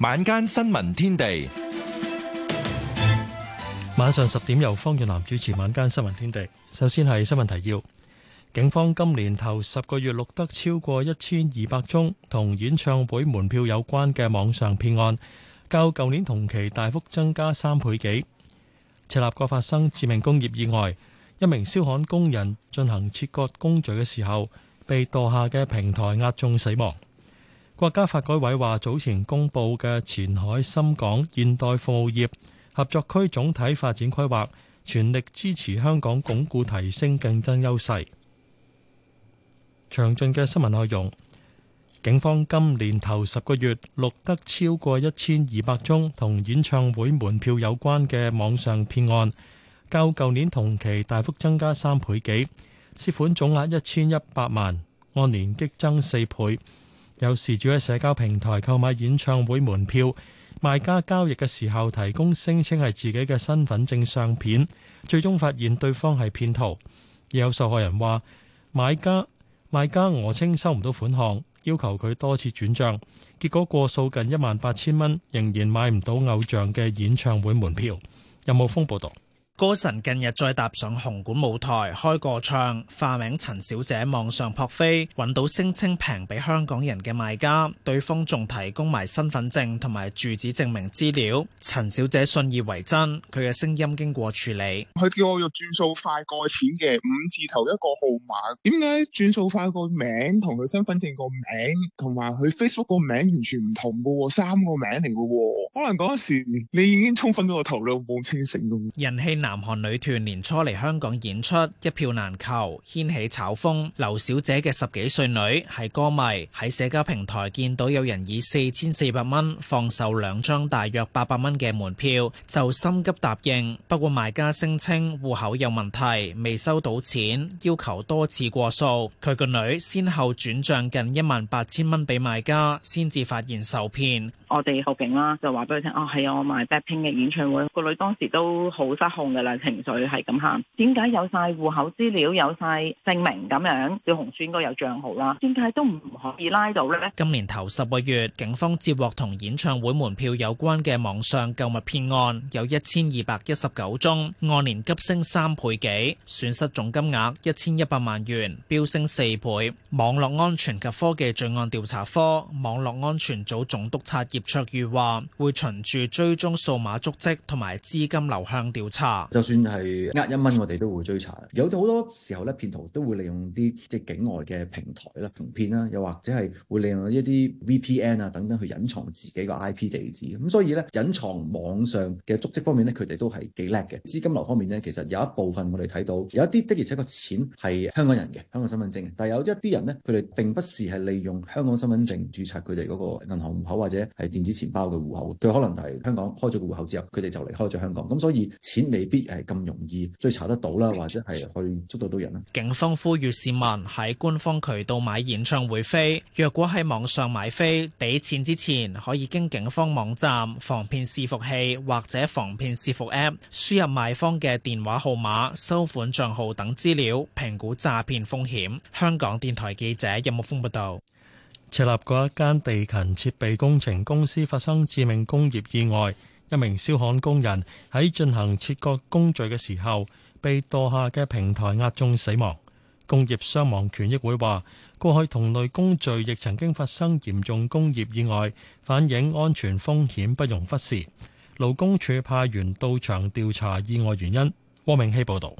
晚間新聞天地，晚上十點由方俊南主持。晚間新聞天地，首先係新聞提要。警方今年頭十個月錄得超過一千二百宗同演唱會門票有關嘅網上騙案，較舊年同期大幅增加三倍幾。赤鱲角發生致命工業意外，一名燒焊工人進行切割工序嘅時候，被墮下嘅平台壓中死亡。國家發改委話，早前公布嘅前海深港現代服務業合作區總體發展規劃，全力支持香港鞏固提升競爭優勢。詳盡嘅新聞內容。警方今年頭十個月錄得超過一千二百宗同演唱會門票有關嘅網上騙案，較舊年同期大幅增加三倍幾，涉款總額一千一百萬，按年激增四倍。有事主喺社交平台購買演唱會門票，賣家交易嘅時候提供聲稱係自己嘅身份證相片，最終發現對方係騙徒。有受害人話，買家賣家訛稱收唔到款項要求佢多次轉賬，結果過數近一萬八千蚊，仍然買唔到偶像嘅演唱會門票。任浩峯報導。歌神近日再踏上紅館舞台開個唱，化名陳小姐網上撲飛，揾到聲稱平俾香港人嘅賣家，對方仲提供埋身份證同埋住址證明資料，陳小姐信以為真。佢嘅聲音經過處理，佢叫我用轉數快過錢嘅五字頭一個號碼。點解轉數快個名同佢身份證個名同埋佢 Facebook 個名完全唔同嘅？三個名嚟嘅，可能嗰陣時你已經衝昏咗個頭腦，冇清醒嘅。人氣南韓女團年初嚟香港演出，一票難求，掀起炒風。劉小姐嘅十幾歲女係歌迷，喺社交平台見到有人以四千四百蚊放售兩張大約八百蚊嘅門票，就心急答應。不過賣家聲稱戶口有問題，未收到錢，要求多次過數。佢個女先後轉賬近一萬八千蚊俾賣家，先至發現受騙。我哋好勁啦，就話俾佢聽，哦，係啊，我買 Blackpink 嘅演唱會。個女當時都好失控噶啦，情緒係咁喊，點解有晒戶口資料、有晒姓名咁樣，小紅書應該有賬號啦，點解都唔可以拉到呢？今年頭十個月，警方接獲同演唱會門票有關嘅網上購物騙案有一千二百一十九宗，按年急升三倍幾，損失總金額一千一百萬元，飆升四倍。網絡安全及科技罪案調查科網絡安全組總督察。葉卓裕話：會循住追蹤數碼足跡同埋資金流向調查，就算係呃一蚊，我哋都會追查。有好多時候咧，騙徒都會利用啲即係境外嘅平台啦，行騙啦，又或者係會利用一啲 VPN 啊等等去隱藏自己個 IP 地址。咁所以咧，隱藏網上嘅足迹方面咧，佢哋都係幾叻嘅。資金流方面咧，其實有一部分我哋睇到，有一啲的而且確錢係香港人嘅，香港身份證。但係有一啲人咧，佢哋並不是係利用香港身份證注冊佢哋嗰個銀行戶口或者係電子錢包嘅戶口，佢可能係香港開咗個戶口之後，佢哋就離開咗香港，咁所以錢未必係咁容易追查得到啦，或者係去捉到到人。警方呼籲市民喺官方渠道買演唱會飛，若果喺網上買飛，俾錢之前可以經警方網站防騙伺服器或者防騙伺服 App 輸入賣方嘅電話號碼、收款帳號等資料，評估詐騙風險。香港電台記者任木峯報道。設立過一間地勤設備工程公司發生致命工業意外，一名燒焊工人喺進行切割工序嘅時候被墮下嘅平台壓中死亡。工業傷亡權益會話過去同類工序亦曾經發生嚴重工業意外，反映安全風險不容忽視。勞工處派員到場調查意外原因。汪明熙報道。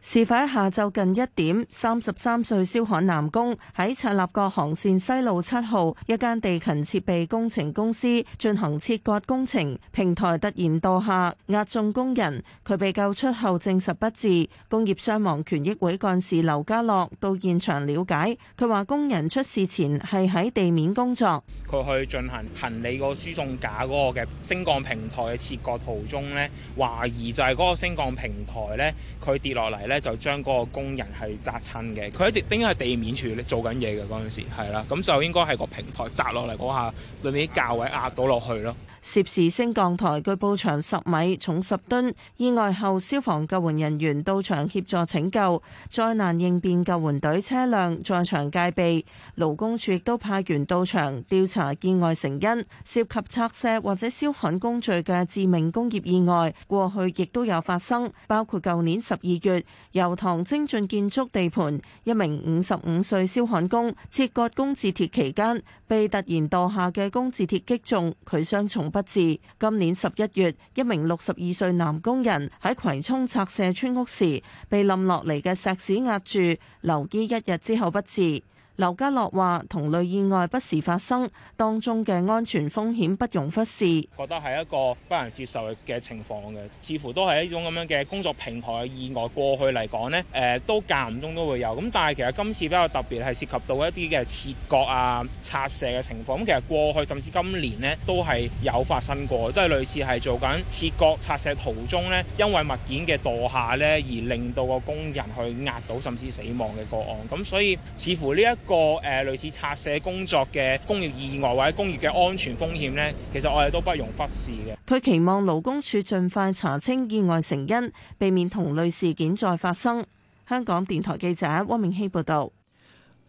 事發喺下晝近一點，三十三歲燒焊男工喺赤鱲角航綫西路七號一間地勤設備工程公司進行切割工程，平台突然墮下壓中工人。佢被救出後證實不治，工業傷亡權益會幹事劉家樂到現場了解，佢話工人出事前係喺地面工作，佢去進行行李個輸送架嗰個嘅升降平台嘅切割途中咧，懷疑就係嗰個升降平台咧，佢跌落嚟。咧就將嗰個工人係砸親嘅，佢一定應該喺地面處做緊嘢嘅嗰陣時，係啦，咁就應該係個平台砸落嚟嗰下，裡面啲架位壓到落去咯。涉事升降台據報長十米、重十噸。意外後，消防救援人員到場協助拯救。災難應變救援隊車輛在場戒備。勞工處亦都派員到場調查意外成因。涉及拆卸或者燒焊工序嘅致命工業意外，過去亦都有發生，包括舊年十二月，油塘精進建築地盤一名五十五歲燒焊工切割工字鐵期間，被突然墮下嘅工字鐵擊中，佢傷重不治。今年十一月，一名六十二歲男工人喺葵涌拆卸村屋時，被冧落嚟嘅石屎壓住，留醫一日之後不治。劉家樂話：同類意外不時發生，當中嘅安全風險不容忽視，覺得係一個不能接受嘅情況嘅。似乎都係一種咁樣嘅工作平台嘅意外。過去嚟講呢，誒都間唔中都會有。咁但係其實今次比較特別係涉及到一啲嘅切割啊、拆卸嘅情況。咁其實過去甚至今年呢，都係有發生過，都係類似係做緊切割拆卸途中呢，因為物件嘅墮下呢，而令到個工人去壓到甚至死亡嘅個案。咁所以似乎呢一個誒類似拆卸工作嘅工業意外，或者工業嘅安全風險呢，其實我哋都不容忽視嘅。佢期望勞工處盡快查清意外成因，避免同類事件再發生。香港電台記者汪明希報導。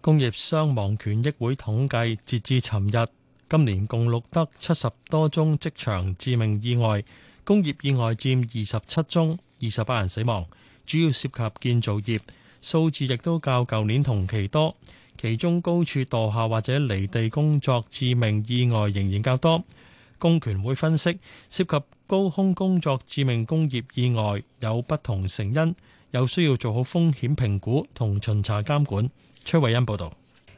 工業傷亡權益會統計，截至尋日，今年共錄得七十多宗職場致命意外，工業意外佔二十七宗，二十八人死亡，主要涉及建造業。數字亦都較舊年同期多。其中高處墮下或者離地工作致命意外仍然較多。工權會分析涉及高空工作致命工業意外有不同成因，有需要做好風險評估同巡查監管。崔慧恩報導，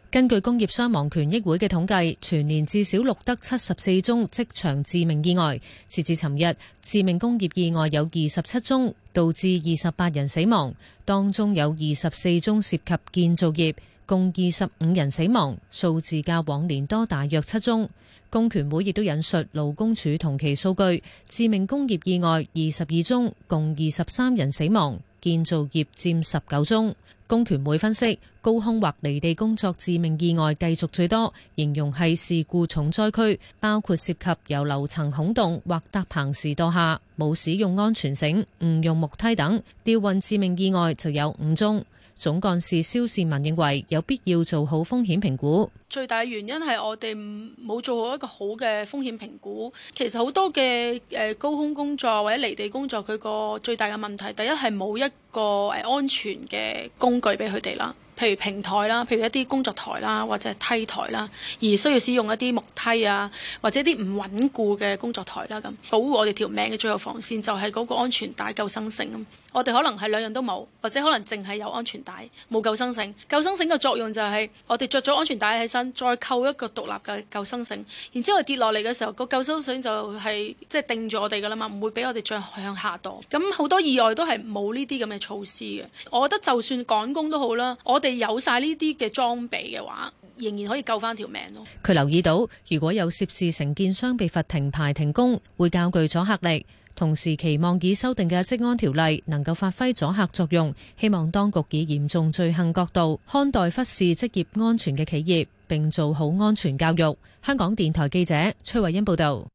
根據工業傷亡權益會嘅統計，全年至少錄得七十四宗職場致命意外，截至尋日致命工業意外有二十七宗，導致二十八人死亡，當中有二十四宗涉及建造業。共二十五人死亡，數字較往年多大約七宗。工權會亦都引述勞工處同期數據，致命工業意外二十二宗，共二十三人死亡，建造業佔十九宗。工權會分析，高空或離地工作致命意外繼續最多，形容係事故重災區，包括涉及由樓層孔洞或搭棚時墮下，冇使用安全繩、唔用木梯等吊運致命意外就有五宗。總幹事蕭市民認為有必要做好風險評估。最大原因係我哋冇做好一個好嘅風險評估。其實好多嘅誒高空工作或者離地工作，佢個最大嘅問題，第一係冇一個誒安全嘅工具俾佢哋啦。譬如平台啦，譬如一啲工作台啦，或者係梯台啦，而需要使用一啲木梯啊，或者啲唔穩固嘅工作台啦，咁保護我哋條命嘅最後防線就係嗰個安全帶救生繩咁。我哋可能係兩樣都冇，或者可能淨係有安全帶，冇救生繩。救生繩嘅作用就係我哋着咗安全帶起身，再扣一個獨立嘅救生繩，然之後跌落嚟嘅時候，個救生繩就係即係定住我哋噶啦嘛，唔會俾我哋再向下墮。咁好多意外都係冇呢啲咁嘅措施嘅。我覺得就算趕工都好啦，我哋。有晒呢啲嘅裝備嘅話，仍然可以救翻條命咯。佢留意到，如果有涉事承建商被罰停牌停工，會較具阻吓力。同時期望以修訂嘅職安條例能夠發揮阻吓作用。希望當局以嚴重罪行角度看待忽視職業安全嘅企業，並做好安全教育。香港電台記者崔慧欣報道。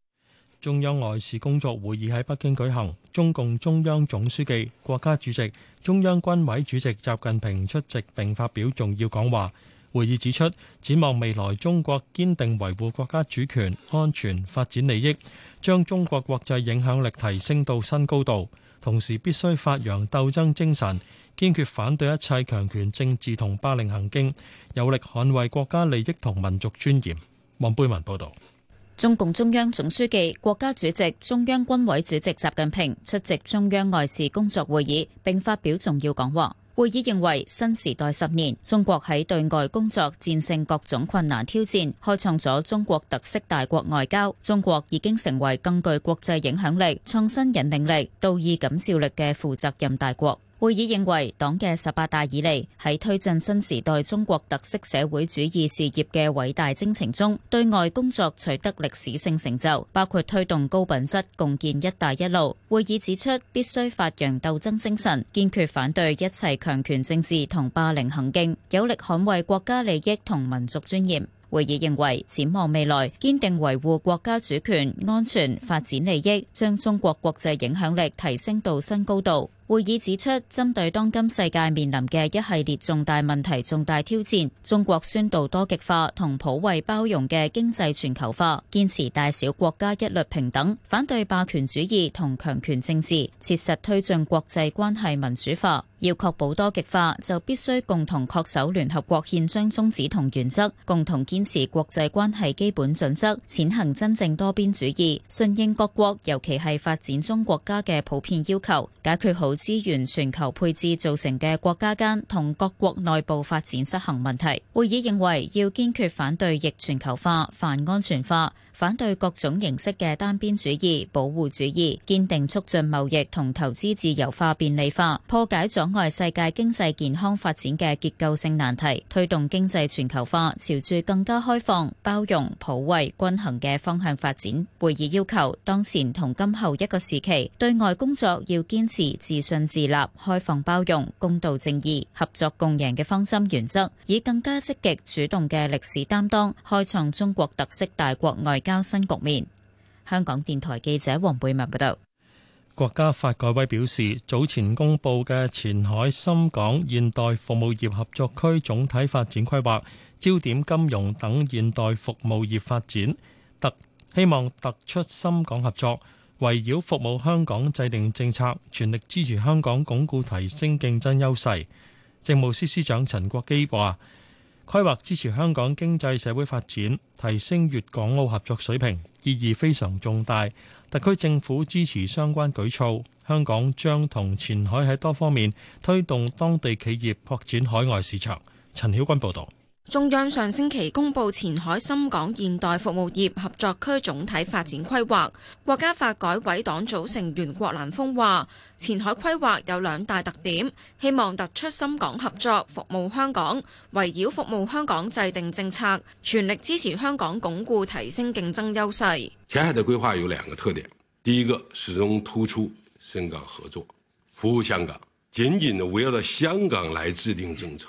中央外事工作會議喺北京舉行，中共中央總書記、國家主席、中央軍委主席習近平出席並發表重要講話。會議指出，展望未來，中國堅定維護國家主權、安全、發展利益，將中國國際影響力提升到新高度。同時，必須發揚鬥爭精神，堅決反對一切強權政治同霸凌行徑，有力捍衛國家利益同民族尊嚴。黃貝文報導。中共中央總書記、國家主席、中央軍委主席習近平出席中央外事工作會議，並發表重要講話。會議認為，新時代十年，中國喺對外工作戰勝各種困難挑戰，開創咗中國特色大國外交。中國已經成為更具國際影響力、創新引領力、道義感召力嘅負責任大國。會議認為，黨嘅十八大以嚟，喺推進新時代中國特色社會主義事業嘅偉大征程中，對外工作取得歷史性成就，包括推動高品質共建“一帶一路”。會議指出，必須發揚鬥爭精神，堅決反對一切強權政治同霸凌行徑，有力捍衛國家利益同民族尊嚴。會議認為，展望未來，堅定維護國家主權、安全、發展利益，將中國國際影響力提升到新高度。會議指出，針對當今世界面臨嘅一系列重大問題、重大挑戰，中國宣導多極化同普惠包容嘅經濟全球化，堅持大小國家一律平等，反對霸權主義同強權政治，切實推進國際關係民主化。要確保多極化，就必須共同恪守聯合國憲章宗旨同原則，共同堅持國際關係基本準則，踐行真正多邊主義，順應各國，尤其係發展中國家嘅普遍要求，解決好。資源全球配置造成嘅國家間同各國內部發展失衡問題。會議認為，要堅決反對逆全球化、泛安全化，反對各種形式嘅單邊主義、保護主義，堅定促進貿易同投資自由化、便利化，破解阻礙世界經濟健康發展嘅結構性難題，推動經濟全球化朝住更加開放、包容、普惠、均衡嘅方向發展。會議要求，當前同今後一個時期，對外工作要堅持自。進自立、開放包容、公道正義、合作共贏嘅方針原則，以更加積極主動嘅歷史擔當，開創中國特色大國外交新局面。香港電台記者黃貝文報道。國家發改委表示，早前公布嘅前海深港現代服務業合作區總體發展規劃，焦點金融等現代服務業發展，特希望突出深港合作。圍繞服務香港制定政策，全力支持香港鞏固提升競爭優勢。政務司司長陳國基話，規劃支持香港經濟社會發展，提升粵港澳合作水平，意義非常重大。特區政府支持相關舉措，香港將同前海喺多方面推動當地企業擴展海外市場。陳曉君報道。中央上星期公布前海深港現代服務業合作區總體發展規劃，國家發改委黨組成員郭蘭峰話，前海規劃有兩大特點，希望突出深港合作，服務香港，圍繞服務香港制定政策，全力支持香港鞏固提升競爭優勢。前海的規劃有兩個特點，第一個始終突出深港合作，服務香港，緊緊的圍繞著香港來制定政策。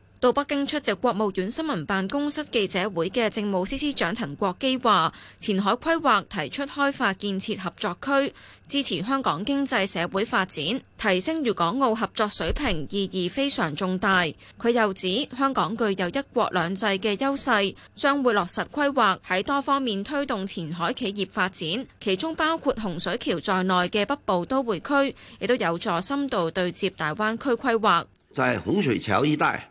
到北京出席國務院新聞辦公室記者會嘅政務司司長陳國基話，前海規劃提出開發建設合作區，支持香港經濟社會發展，提升粵港澳合作水平，意義非常重大。佢又指，香港具有一國兩制嘅優勢，將會落實規劃喺多方面推動前海企業發展，其中包括洪水橋在內嘅北部都會區，亦都有助深度對接大灣區規劃，就係洪水橋一帶。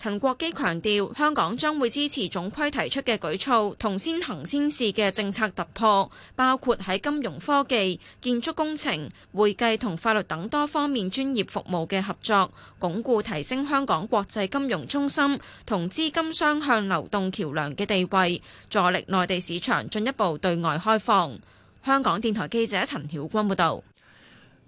陳國基強調，香港將會支持總規提出嘅舉措同先行先試嘅政策突破，包括喺金融科技、建築工程、會計同法律等多方面專業服務嘅合作，鞏固提升香港國際金融中心同資金雙向流動橋梁嘅地位，助力內地市場進一步對外開放。香港電台記者陳曉君報道。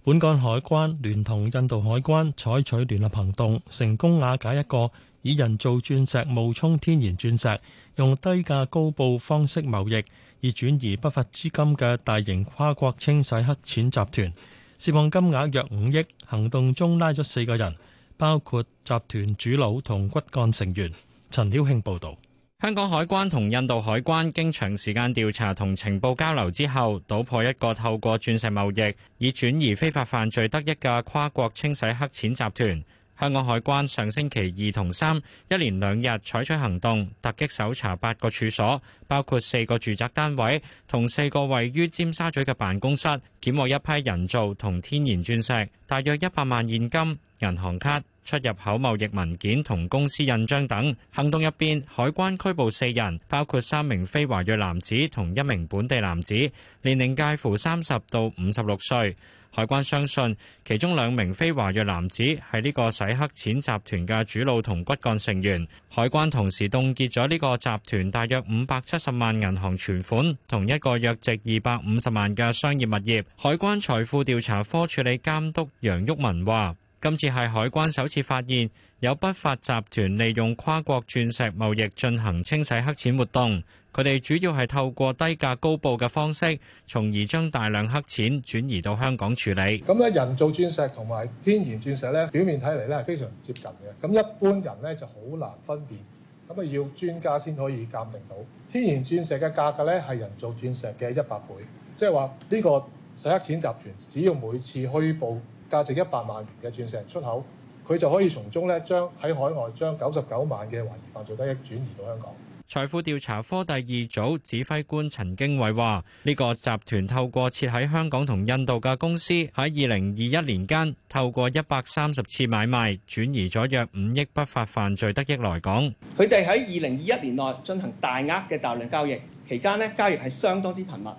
本港海關聯同印度海關採取聯合行動，成功瓦解一個以人造鑽石冒充天然鑽石，用低價高報方式貿易，以轉移不法資金嘅大型跨國清洗黑錢集團，涉案金額約五億。行動中拉咗四個人，包括集團主腦同骨幹成員。陳曉慶報道，香港海關同印度海關經長時間調查同情報交流之後，搗破一個透過鑽石貿易以轉移非法犯罪得益嘅跨國清洗黑錢集團。香港海關上星期二同三一連兩日採取行動，突擊搜查八個處所，包括四個住宅單位同四個位於尖沙咀嘅辦公室，檢獲一批人造同天然鑽石、大約一百萬現金、銀行卡、出入口貿易文件同公司印章等。行動入邊，海關拘捕四人，包括三名非華裔男子同一名本地男子，年齡介乎三十到五十六歲。海關相信其中兩名非華裔男子係呢個洗黑錢集團嘅主腦同骨幹成員。海關同時凍結咗呢個集團大約五百七十萬銀行存款，同一個約值二百五十萬嘅商業物業。海關財富調查科處理監督楊旭文話今次係海關首次發現有不法集團利用跨國鑽石貿易進行清洗黑錢活動。佢哋主要係透過低價高報嘅方式，從而將大量黑錢轉移到香港處理。咁咧，人造鑽石同埋天然鑽石咧，表面睇嚟咧係非常接近嘅，咁一般人咧就好難分辨，咁啊要專家先可以鑑定到天然鑽石嘅價格咧係人造鑽石嘅一百倍，即係話呢個洗黑錢集團只要每次虛報價值一百萬元嘅鑽石出口，佢就可以從中咧將喺海外將九十九萬嘅懷疑犯罪得益轉移到香港。財富調查科第二組指揮官陳經偉話：呢個集團透過設喺香港同印度嘅公司，喺二零二一年間，透過一百三十次買賣，轉移咗約五億不法犯罪得益來港。佢哋喺二零二一年內進行大額嘅大量交易，期間咧交易係相當之頻密，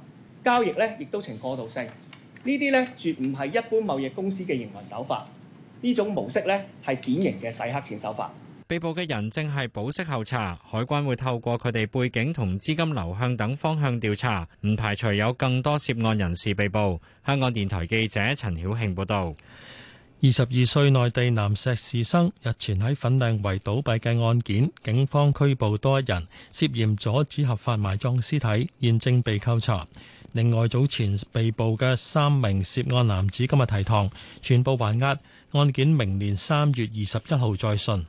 交易咧亦都呈過渡性。呢啲咧絕唔係一般貿易公司嘅營運手法，呢種模式咧係典型嘅洗黑錢手法。被捕嘅人正係保釋候查，海關會透過佢哋背景同資金流向等方向調查，唔排除有更多涉案人士被捕。香港電台記者陳曉慶報道。二十二歲內地男碩士生日前喺粉嶺圍倒斃嘅案件，警方拘捕多一人，涉嫌阻止合法埋葬屍體，現正被扣查。另外，早前被捕嘅三名涉案男子今日提堂，全部還押。案件明年三月二十一號再訊。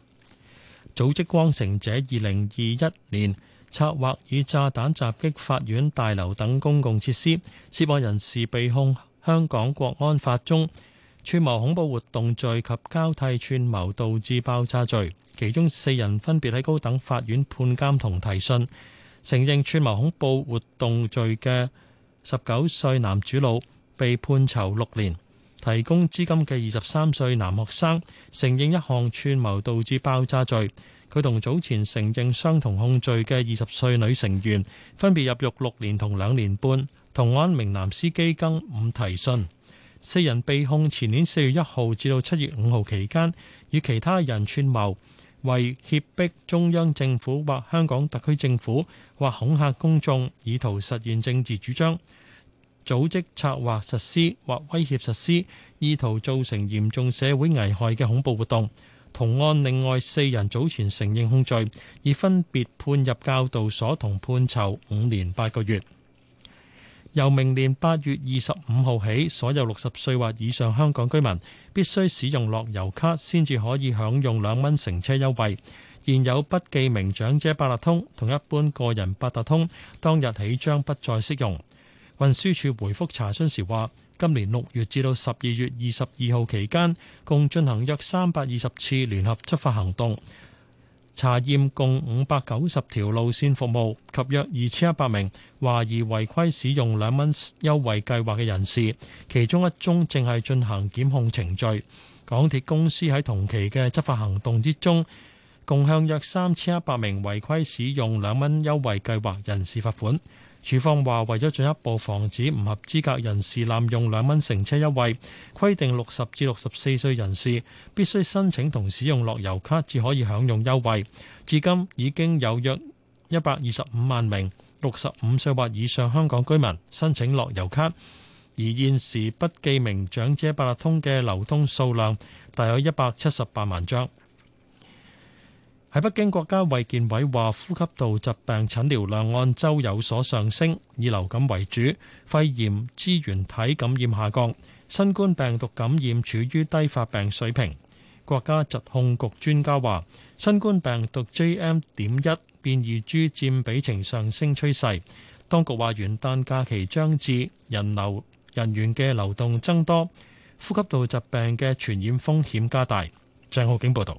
組織光城者二零二一年策劃以炸彈襲擊法院大樓等公共設施，涉案人士被控香港國安法中串謀恐怖活動罪及交替串謀導致爆炸罪，其中四人分別喺高等法院判監同提訊，承認串謀恐怖活動罪嘅十九歲男主腦被判囚六年。提供資金嘅二十三歲男學生承認一項串謀導致爆炸罪，佢同早前承認相同控罪嘅二十歲女成員分別入獄六年同兩年半。同安名男司機更唔提訊。四人被控前年四月一號至到七月五號期間，與其他人串謀，為脅迫中央政府或香港特區政府或恐嚇公眾，以圖實現政治主張。組織策劃實施或威脅實施，意圖造成嚴重社會危害嘅恐怖活動。同案另外四人早前承認控罪，而分別判入教導所同判囚五年八個月。由明年八月二十五號起，所有六十歲或以上香港居民必須使用樂悠卡先至可以享用兩蚊乘車優惠。現有不記名長者八達通同一般個人八達通，當日起將不再適用。運輸署回覆查詢時話，今年六月至到十二月二十二號期間，共進行約三百二十次聯合執法行動，查驗共五百九十條路線服務及約二千一百名懷疑違規使用兩蚊優惠計劃嘅人士，其中一宗正係進行檢控程序。港鐵公司喺同期嘅執法行動之中，共向約三千一百名違規使用兩蚊優惠計劃人士罰款。署方話，為咗進一步防止唔合資格人士濫用兩蚊乘車優惠，規定六十至六十四歲人士必須申請同使用樂悠卡，至可以享用優惠。至今已經有約一百二十五萬名六十五歲或以上香港居民申請樂悠卡，而現時不記名長者八達通嘅流通數量大約一百七十八萬張。喺北京，國家衛健委話呼吸道疾病診療量按周有所上升，以流感為主，肺炎支原體感染下降，新冠病毒感染處於低發病水平。國家疾控局專家話，新冠病毒 JN.1 變異株佔比呈上升趨勢。當局話元旦假期將至，人流人員嘅流動增多，呼吸道疾病嘅傳染風險加大。鄭浩景報導。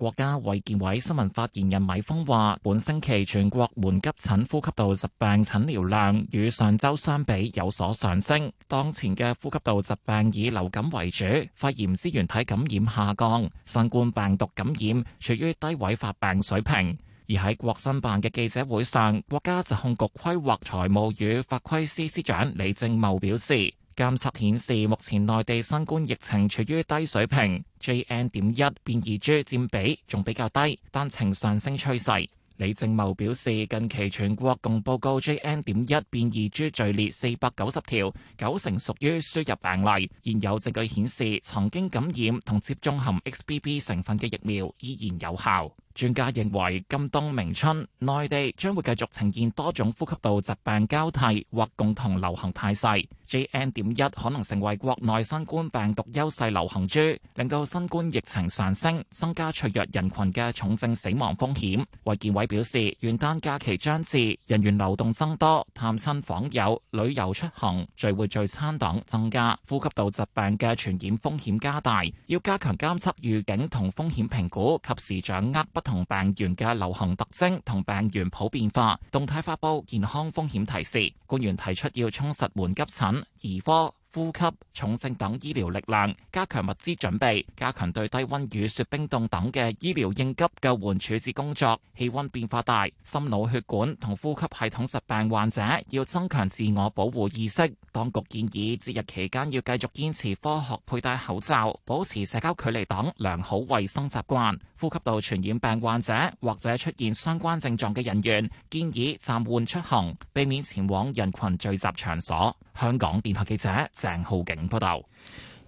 國家衛健委新聞發言人米鋒話，本星期全國門急診呼吸道疾病診療量與上周相比有所上升。當前嘅呼吸道疾病以流感為主，肺炎支原體感染下降，新冠病毒感染處於低位發病水平。而喺國新辦嘅記者會上，國家疾控局規劃財務與法規司司長李正茂表示。監測顯示，目前內地新冠疫情處於低水平，JN. 點一變異株佔比仲比較低，但呈上升趨勢。李正茂表示，近期全國共報告 JN. 點一變異株序列四百九十條，九成屬於輸入病例。現有證據顯示，曾經感染同接種含 XBB 成分嘅疫苗依然有效。專家認為，今冬明春，內地將會繼續呈現多種呼吸道疾病交替或共同流行態勢。JN 點一可能成為國內新冠病毒優勢流行株，令到新冠疫情上升，增加脆弱人群嘅重症死亡風險。衛健委表示，元旦假期將至，人員流動增多，探親訪友、旅遊出行、聚會聚餐等增加，呼吸道疾病嘅傳染風險加大，要加強監測預警同風險評估，及時掌握同病原嘅流行特徵同病原譜變化，動態發布健康風險提示。官員提出要充實門急診兒科。呼吸、重症等醫療力量加強物資準備，加強對低温、雨雪、冰凍等嘅醫療應急救援處置工作。氣溫變化大，心腦血管同呼吸系統疾病患者要增強自我保護意識，當局建議節日期間要繼續堅持科學佩戴口罩、保持社交距離等良好衛生習慣，呼吸道傳染病患者或者出現相關症狀嘅人員，建議暫緩出行，避免前往人群聚集場所。香港電台記者鄭浩景報道：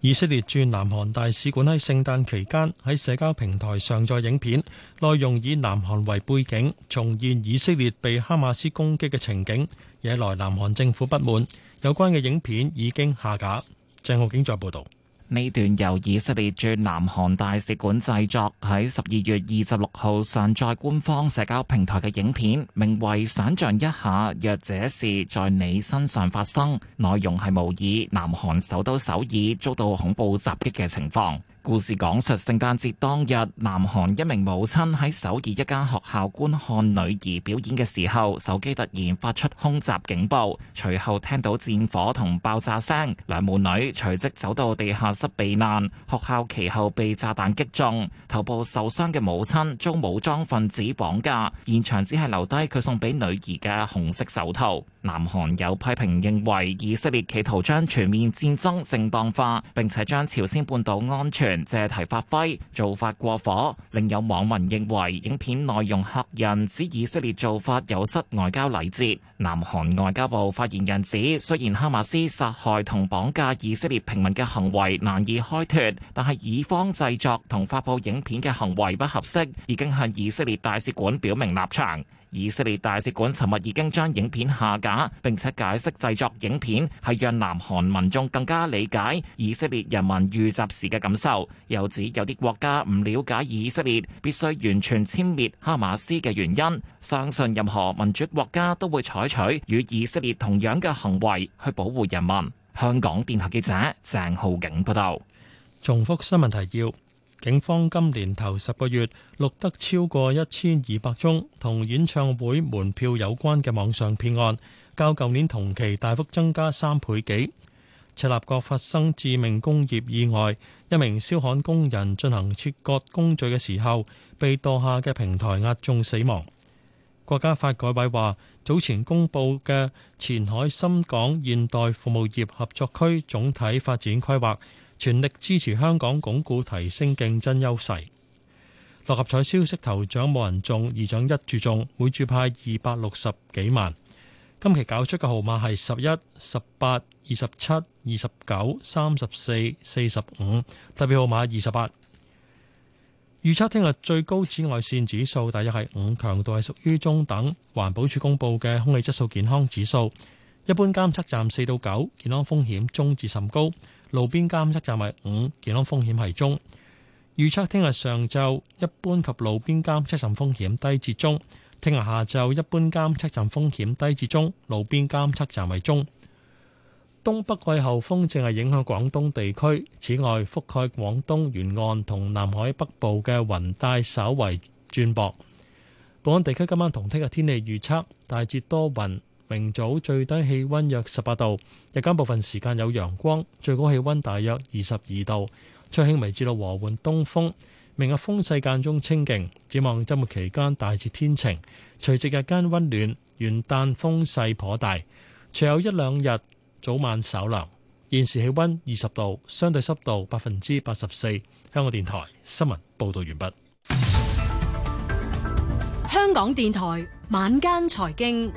以色列駐南韓大使館喺聖誕期間喺社交平台上載影片，內容以南韓為背景，重現以色列被哈馬斯攻擊嘅情景，惹來南韓政府不滿。有關嘅影片已經下架。鄭浩景再報道。呢段由以色列駐南韓大使館製作，喺十二月二十六號上載官方社交平台嘅影片，名為《想象一下若這事在你身上發生》，內容係模擬南韓首都首爾遭到恐怖襲擊嘅情況。故事講述聖誕節當日，南韓一名母親喺首爾一間學校觀看女兒表演嘅時候，手機突然發出空襲警報，隨後聽到戰火同爆炸聲，兩母女隨即走到地下室避難。學校其後被炸彈擊中，頭部受傷嘅母親遭武裝分子綁架，現場只係留低佢送俾女兒嘅紅色手套。南韓有批評認為以色列企圖將全面戰爭正當化，並且將朝鮮半島安全借題發揮，做法過火。另有網民認為影片內容嚇人，指以色列做法有失外交禮節。南韓外交部發言人指，雖然哈馬斯殺害同綁架以色列平民嘅行為難以開脱，但係以方製作同發布影片嘅行為不合適，已經向以色列大使館表明立場。以色列大使館尋日已經將影片下架，並且解釋製作影片係讓南韓民眾更加理解以色列人民遇襲時嘅感受。又指有啲國家唔了解以色列必須完全殲滅哈馬斯嘅原因，相信任何民主國家都會採取與以色列同樣嘅行為去保護人民。香港電台記者鄭浩景報道。重複新聞提要。警方今年頭十個月錄得超過一千二百宗同演唱會門票有關嘅網上騙案，較舊年同期大幅增加三倍幾。赤鱲角發生致命工業意外，一名燒焊工人進行切割工序嘅時候，被墮下嘅平台壓中死亡。國家發改委話，早前公布嘅前海深港現代服務業合作區總體發展規劃，全力支持香港鞏固提升競爭優勢。六合彩消息頭獎冇人中，二獎一注中，每注派二百六十幾萬。今期搞出嘅號碼係十一、十八、二十七、二十九、三十四、四十五，特別號碼二十八。預測聽日最高紫外線指數大約係五，強度係屬於中等。環保署公布嘅空氣質素健康指數，一般監測站四到九，9, 健康風險中至甚高。路邊監測站係五，健康風險係中。預測聽日上晝一般及路邊監測站風險低至中，聽日下晝一般監測站風險低至中，路邊監測站為中。東北季候風正係影響廣東地區，此外覆蓋廣東沿岸同南海北部嘅雲帶稍為轉薄。本港地區今晚同聽日天氣預測大致多雲。明早最低氣溫約十八度，日間部分時間有陽光，最高氣溫大約二十二度，吹輕微至到和緩東風。明日風勢間中清勁，展望周末期間大致天晴，隨即，日間溫暖，元旦風勢頗大，隨有一兩日早晚稍涼。現時氣溫二十度，相對濕度百分之八十四。香港電台新聞報道完畢。香港電台晚間財經。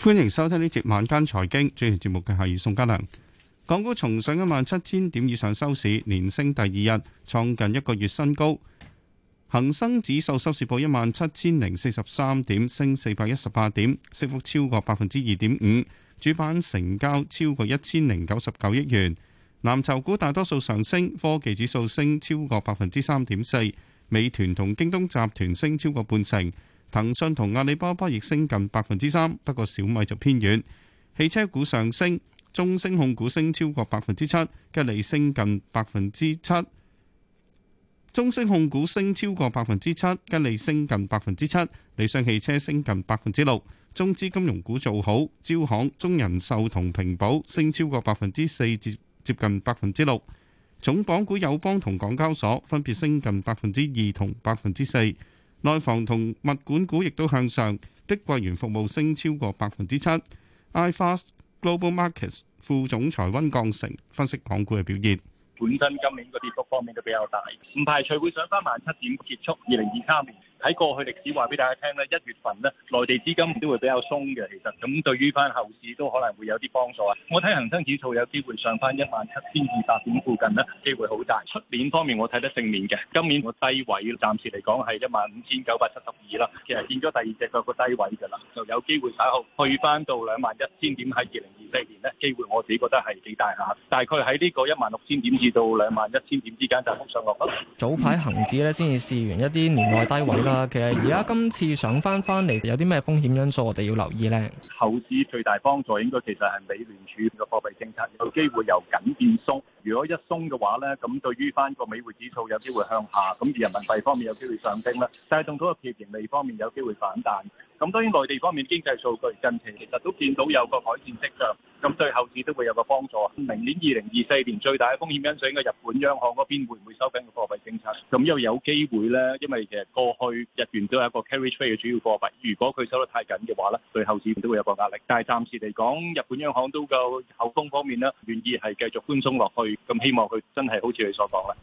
歡迎收聽呢節晚間財經，主持節目嘅係宋家良。港股重上一萬七千點以上收市，連升第二日，創近一個月新高。恒生指數收市報一萬七千零四十三點，升四百一十八點，升幅超過百分之二點五。主板成交超過一千零九十九億元。藍籌股大多數上升，科技指數升超過百分之三點四，美團同京東集團升超過半成。騰訊同阿里巴巴亦升近百分之三，不過小米就偏軟。汽車股上升，中升控股升超過百分之七，吉利升近百分之七。中升控股升超過百分之七，吉利升近百分之七。理想汽車升近百分之六。中資金融股做好，招行、中人壽同平保升超過百分之四至接近百分之六。重磅股友邦同港交所分別升近百分之二同百分之四。內房同物管股亦都向上，碧桂園服務升超過百分之七。iFast Global Markets 副總裁温鋼成分析港股嘅表現，本身今年個跌幅方面都比較大，唔排除會上翻萬七點結束二零二三年。喺過去歷史話俾大家聽咧，一月份咧內地資金都會比較鬆嘅，其實咁對於翻後市都可能會有啲幫助啊。我睇恒生指數有機會上翻一萬七千二百點附近咧，機會好大。出年方面我睇得正面嘅，今年個低位暫時嚟講係一萬五千九百七十二啦，其實見咗第二隻腳個低位㗎啦，就有機會稍後去翻到兩萬一千點喺二零二四年呢，機會我自己覺得係幾大嚇。大概喺呢個一萬六千點至到兩萬一千點之間就向上落。早排恒指呢先至試完一啲年內低位。啊，其實而家今次上翻翻嚟，有啲咩風險因素我哋要留意呢？後市最大幫助應該其實係美聯儲嘅貨幣政策有機會由緊變鬆。如果一鬆嘅話呢，咁對於翻個美匯指數有機會向下，咁而人民幣方面有機會上升啦，帶動到個企業盈利方面有機會反彈。咁當然內地方面經濟數據近期其實都見到有個改善跡象，咁對後市都會有個幫助。明年二零二四年最大嘅風險因素應該日本央行嗰邊會唔會收緊個貨幣政策？咁又有機會呢，因為其實過去日元都係一個 carry trade 嘅主要貨幣。如果佢收得太緊嘅話呢，對後市都會有個壓力。但係暫時嚟講，日本央行都夠後方方面呢願意係繼續寬鬆落去。咁希望佢真係好似你所講啦。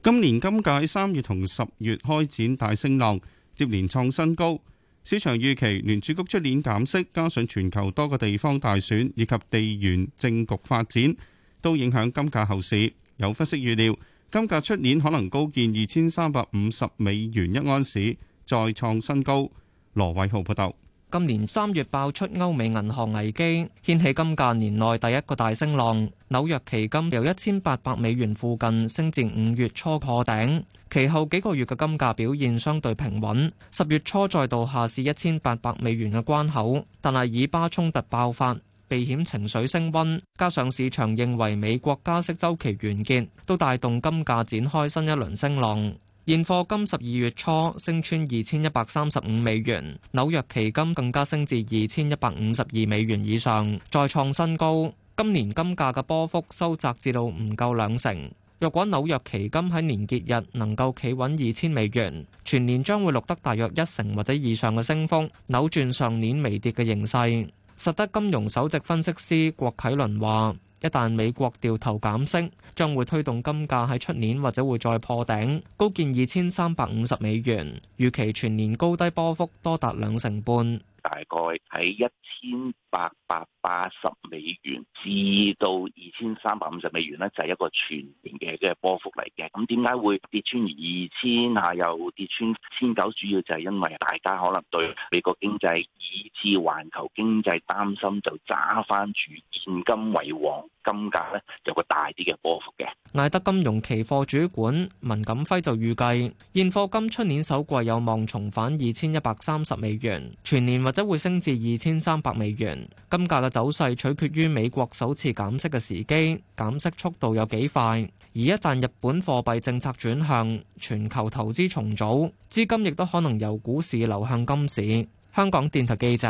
今年金價喺三月同十月開展大升浪，接連創新高。市場預期聯儲局出年減息，加上全球多個地方大選以及地緣政局發展，都影響金價後市。有分析預料，金價出年可能高見二千三百五十美元一安士，再創新高。羅偉浩報道。今年三月爆出歐美銀行危機，掀起金價年內第一個大升浪。紐約期金由一千八百美元附近升至五月初破頂，其後幾個月嘅金價表現相對平穩，十月初再度下試一千八百美元嘅關口，但係以巴衝突爆發，避險情緒升溫，加上市場認為美國加息周期完結，都帶動金價展開新一輪升浪。現貨金十二月初升穿二千一百三十五美元，紐約期金更加升至二千一百五十二美元以上，再創新高。今年金價嘅波幅收窄至到唔夠兩成。若果紐約期金喺年結日能夠企穩二千美元，全年將會錄得大約一成或者以上嘅升幅，扭轉上年微跌嘅形勢。實德金融首席分析師郭啟麟話。一旦美國掉頭減息，將會推動金價喺出年或者會再破頂，高見二千三百五十美元，預期全年高低波幅多達兩成半。大概喺一千八百八十美元至到二千三百五十美元咧，就係一個全年嘅嘅波幅嚟嘅。咁點解會跌穿二千，下又跌穿千九？主要就係因為大家可能對美國經濟以至環球經濟擔心，就揸翻住現金為王。金價呢，有個大啲嘅波幅嘅。艾德金融期貨主管文錦輝就預計，現貨金出年首季有望重返二千一百三十美元，全年或者會升至二千三百美元。金價嘅走勢取決於美國首次減息嘅時機，減息速度有幾快。而一旦日本貨幣政策轉向，全球投資重組，資金亦都可能由股市流向金市。香港電台記者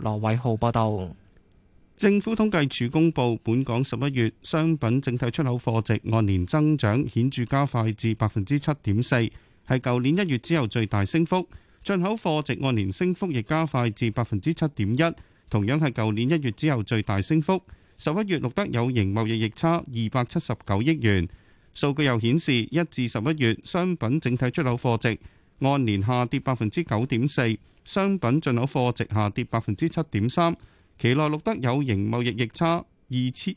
羅偉浩報道。政府統計處公布，本港十一月商品整體出口貨值按年增長顯著加快至百分之七點四，係舊年一月之後最大升幅；進口貨值按年升幅亦加快至百分之七點一，同樣係舊年一月之後最大升幅。十一月錄得有形貿易逆差二百七十九億元。數據又顯示，一至十一月商品整體出口貨值按年下跌百分之九點四，商品進口貨值下跌百分之七點三。期內錄得有形貿易逆差二千，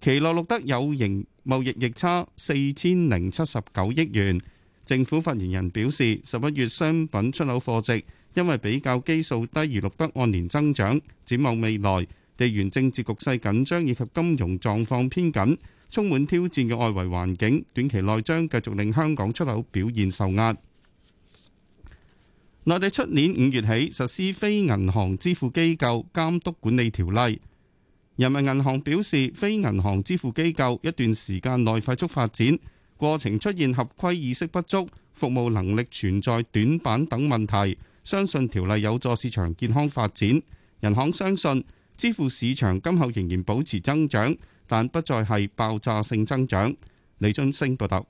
期內錄得有形貿易逆差四千零七十九億元。政府發言人表示，十一月商品出口貨值因為比較基數低而錄得按年增長。展望未來，地緣政治局勢緊張以及金融狀況偏緊，充滿挑戰嘅外圍環境，短期內將繼續令香港出口表現受壓。內地出年五月起實施非銀行支付機構監督管理條例，人民銀行表示，非銀行支付機構一段時間內快速發展，過程出現合規意識不足、服務能力存在短板等問題，相信條例有助市場健康發展。銀行相信，支付市場今後仍然保持增長，但不再係爆炸性增長。李俊升報道。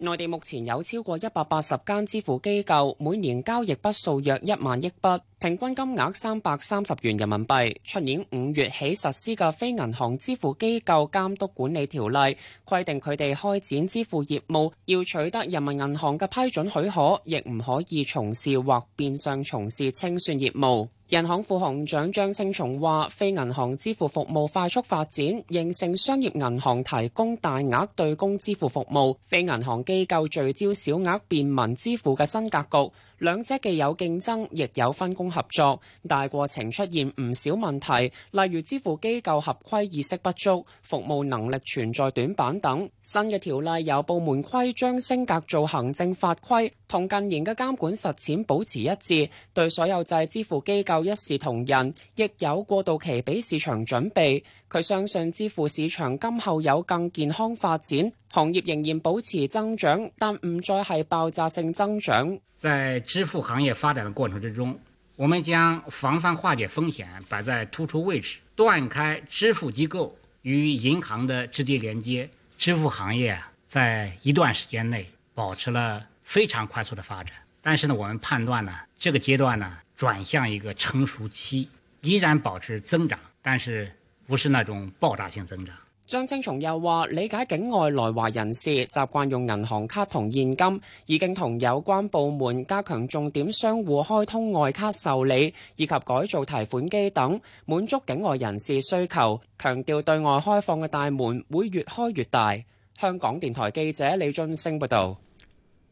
內地目前有超過一百八十間支付機構，每年交易筆數約一萬億筆，平均金額三百三十元人民幣。出年五月起實施嘅《非銀行支付機構監督管理條例》規定，佢哋開展支付業務要取得人民銀行嘅批准許可，亦唔可以從事或變相從事清算業務。人行副行長張青松話，非銀行支付服務快速發展，形成商業銀行提供大額對公支付服務、非銀行機構聚焦小額便民支付嘅新格局。兩者既有競爭，亦有分工合作，大過程出現唔少問題，例如支付機構合規意識不足、服務能力存在短板等。新嘅條例由部門規章升格做行政法規，同近年嘅監管實踐保持一致，對所有制支付機構一視同仁，亦有過渡期俾市場準備。佢相信支付市場今後有更健康發展，行業仍然保持增長，但唔再係爆炸性增長。在支付行業發展的過程之中，我們將防範化解風險擺在突出位置，斷開支付機構與銀行的直接連接。支付行業啊，在一段時間內保持了非常快速的發展，但是呢，我們判斷呢，這個階段呢轉向一個成熟期，依然保持增長，但是。不是那種爆炸性增長。張青松又話，理解境外來華人士習慣用銀行卡同現金，已經同有關部門加強重點商戶開通外卡受理以及改造提款機等，滿足境外人士需求，強調對外開放嘅大門會越開越大。香港電台記者李俊升報道。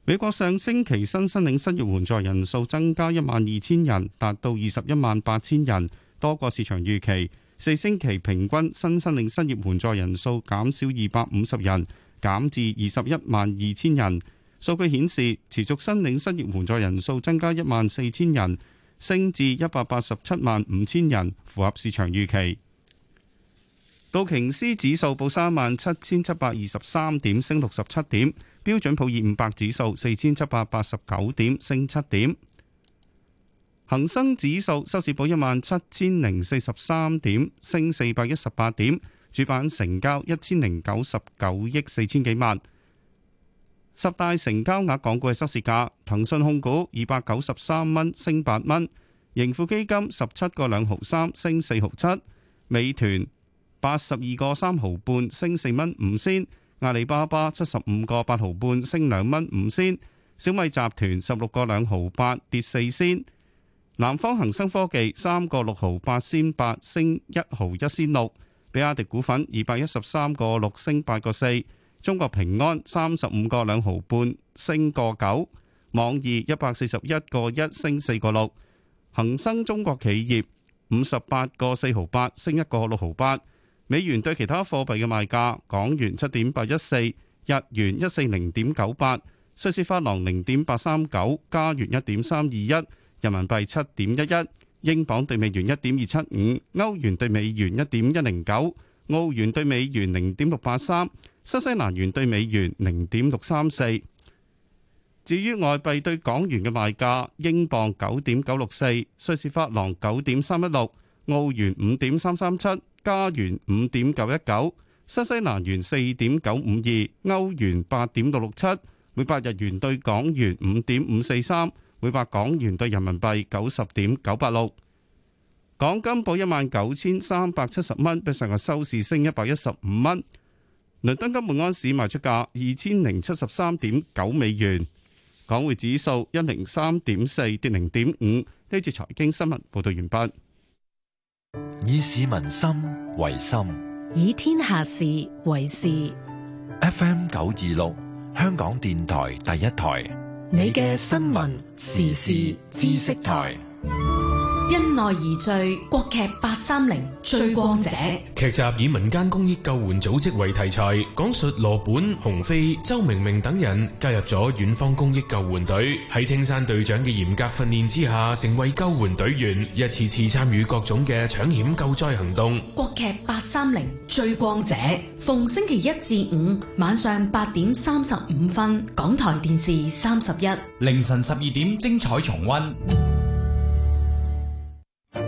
美國上星期新申領失業援助人數增加一萬二千人，達到二十一萬八千人，多過市場預期。四星期平均新申領失業援助人數減少二百五十人，減至二十一萬二千人。數據顯示，持續申領失業援助人數增加一萬四千人，升至一百八十七萬五千人，符合市場預期。道瓊斯指數報三萬七千七百二十三點，升六十七點，標準普爾五百指數四千七百八十九點，升七點。恒生指數收市報一萬七千零四十三點，升四百一十八點，主板成交一千零九十九億四千幾萬。十大成交額港股嘅收市價，騰訊控股二百九十三蚊升八蚊，盈富基金十七個兩毫三升四毫七，美團八十二個三毫半升四蚊五仙，阿里巴巴七十五個八毫半升兩蚊五仙，小米集團十六個兩毫八跌四仙。南方恒生科技三個六毫八先八升一毫一先六，比亞迪股份二百一十三個六升八個四，中國平安三十五個兩毫半升個九，網易一百四十一個一升四個六，恒生中國企業五十八個四毫八升一個六毫八，美元對其他貨幣嘅賣價，港元七點八一四，日元一四零點九八，瑞士法郎零點八三九，加元一點三二一。人民幣七點一一，英鎊兌美元一點二七五，歐元兌美元一點一零九，澳元兌美元零點六八三，新西蘭元兌美元零點六三四。至於外幣對港元嘅賣價，英鎊九點九六四，瑞士法郎九點三一六，澳元五點三三七，加元五點九一九，新西蘭元四點九五二，歐元八點六六七，每百日元對港元五點五四三。每百港元兌人民幣九十點九八六，港金報一萬九千三百七十蚊，比上日收市升一百一十五蚊。倫敦金每安士賣出價二千零七十三點九美元，港匯指數一零三點四跌零點五。呢次財經新聞報道完畢。以市民心為心，以天下事為事。FM 九二六，香港電台第一台。你嘅新聞時事知識台。因愛而聚，國劇八三零追光者，劇集以民間公益救援組織為題材，講述羅本、洪飛、周明明等人加入咗遠方公益救援隊，喺青山隊長嘅嚴格訓練之下，成為救援隊員，一次次參與各種嘅搶險救災行動。國劇八三零追光者，逢星期一至五晚上八點三十五分，港台電視三十一，凌晨十二點精彩重溫。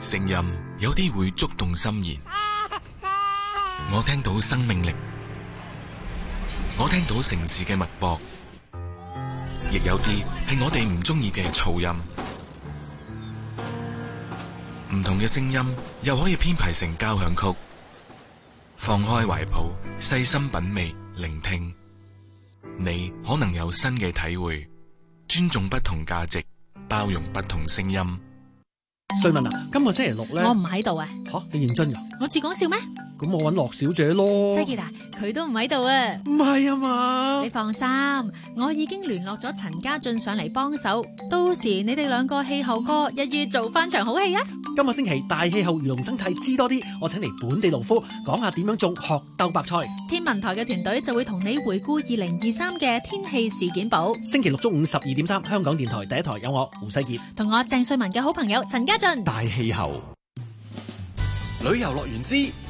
聲音有啲會觸動心弦，我聽到生命力，我聽到城市嘅脈搏，亦有啲係我哋唔中意嘅噪音。唔同嘅聲音又可以編排成交響曲。放開懷抱，細心品味，聆聽，你可能有新嘅體會。尊重不同價值，包容不同聲音。瑞文啊，今個星期六咧，我唔喺度啊！吓，你認真噶？我似講笑咩？咁我揾樂小姐咯。西杰嗱，佢都唔喺度啊！唔係啊，啊嘛，你放心，我已經聯絡咗陳家俊上嚟幫手。到時你哋兩個氣候哥，一於做翻場好戲啊！今個星期大氣候魚龍生態知多啲，我請嚟本地農夫講下點樣種學豆白菜。天文台嘅團隊就會同你回顧二零二三嘅天氣事件簿。星期六中午十二點三，香港電台第一台有我胡世杰，同我鄭瑞文嘅好朋友陳家俊。大氣候旅遊樂園之。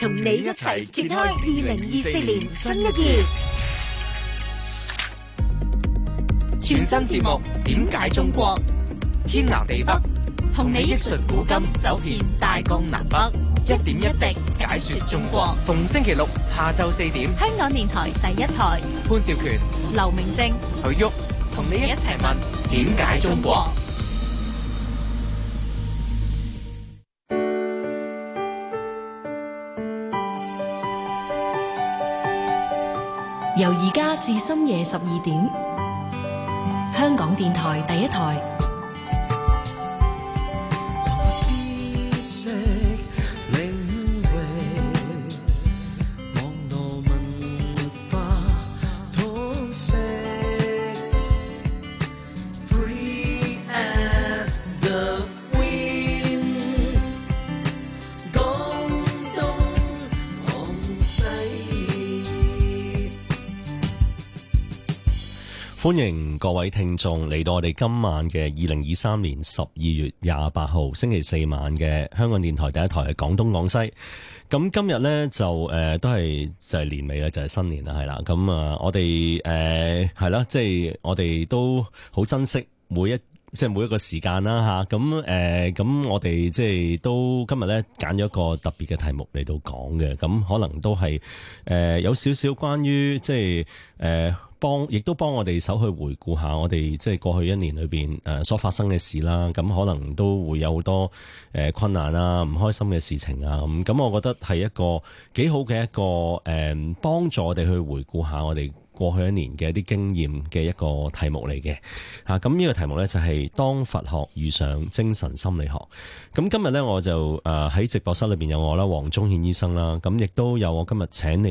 同你一齊揭開二零二四年新一頁，全新節目點解中國？天南地北，同你憶述古今，走遍大江南北，一點一滴解說中國。逢星期六下晝四點，香港電台第一台，潘少權、劉明正、許旭，同你一齊問點解中國。由而家至深夜十二點，香港電台第一台。歡迎各位聽眾嚟到我哋今晚嘅二零二三年十二月廿八號星期四晚嘅香港電台第一台係廣東廣西。咁今日呢，就誒、呃、都係就係、是、年尾啦，就係、是、新年啦，係啦。咁啊，呃就是、我哋誒係啦，即係我哋都好珍惜每一即係、就是、每一個時間啦，吓、啊。咁誒咁我哋即係都今日呢揀咗一個特別嘅題目嚟到講嘅。咁可能都係誒、呃、有少少關於即係誒。就是呃幫，亦都幫我哋手去回顧下我哋即係過去一年裏邊誒所發生嘅事啦。咁可能都會有好多誒困難啦、啊，唔開心嘅事情啊。咁、嗯、咁，我覺得係一個幾好嘅一個誒幫、嗯、助我哋去回顧下我哋過去一年嘅一啲經驗嘅一個題目嚟嘅。吓、啊，咁、嗯、呢、這個題目呢，就係、是、當佛學遇上精神心理學。咁、嗯、今日呢，我就誒喺、呃、直播室裏邊有我啦，黃宗憲醫生啦，咁、啊、亦都有我今日請你。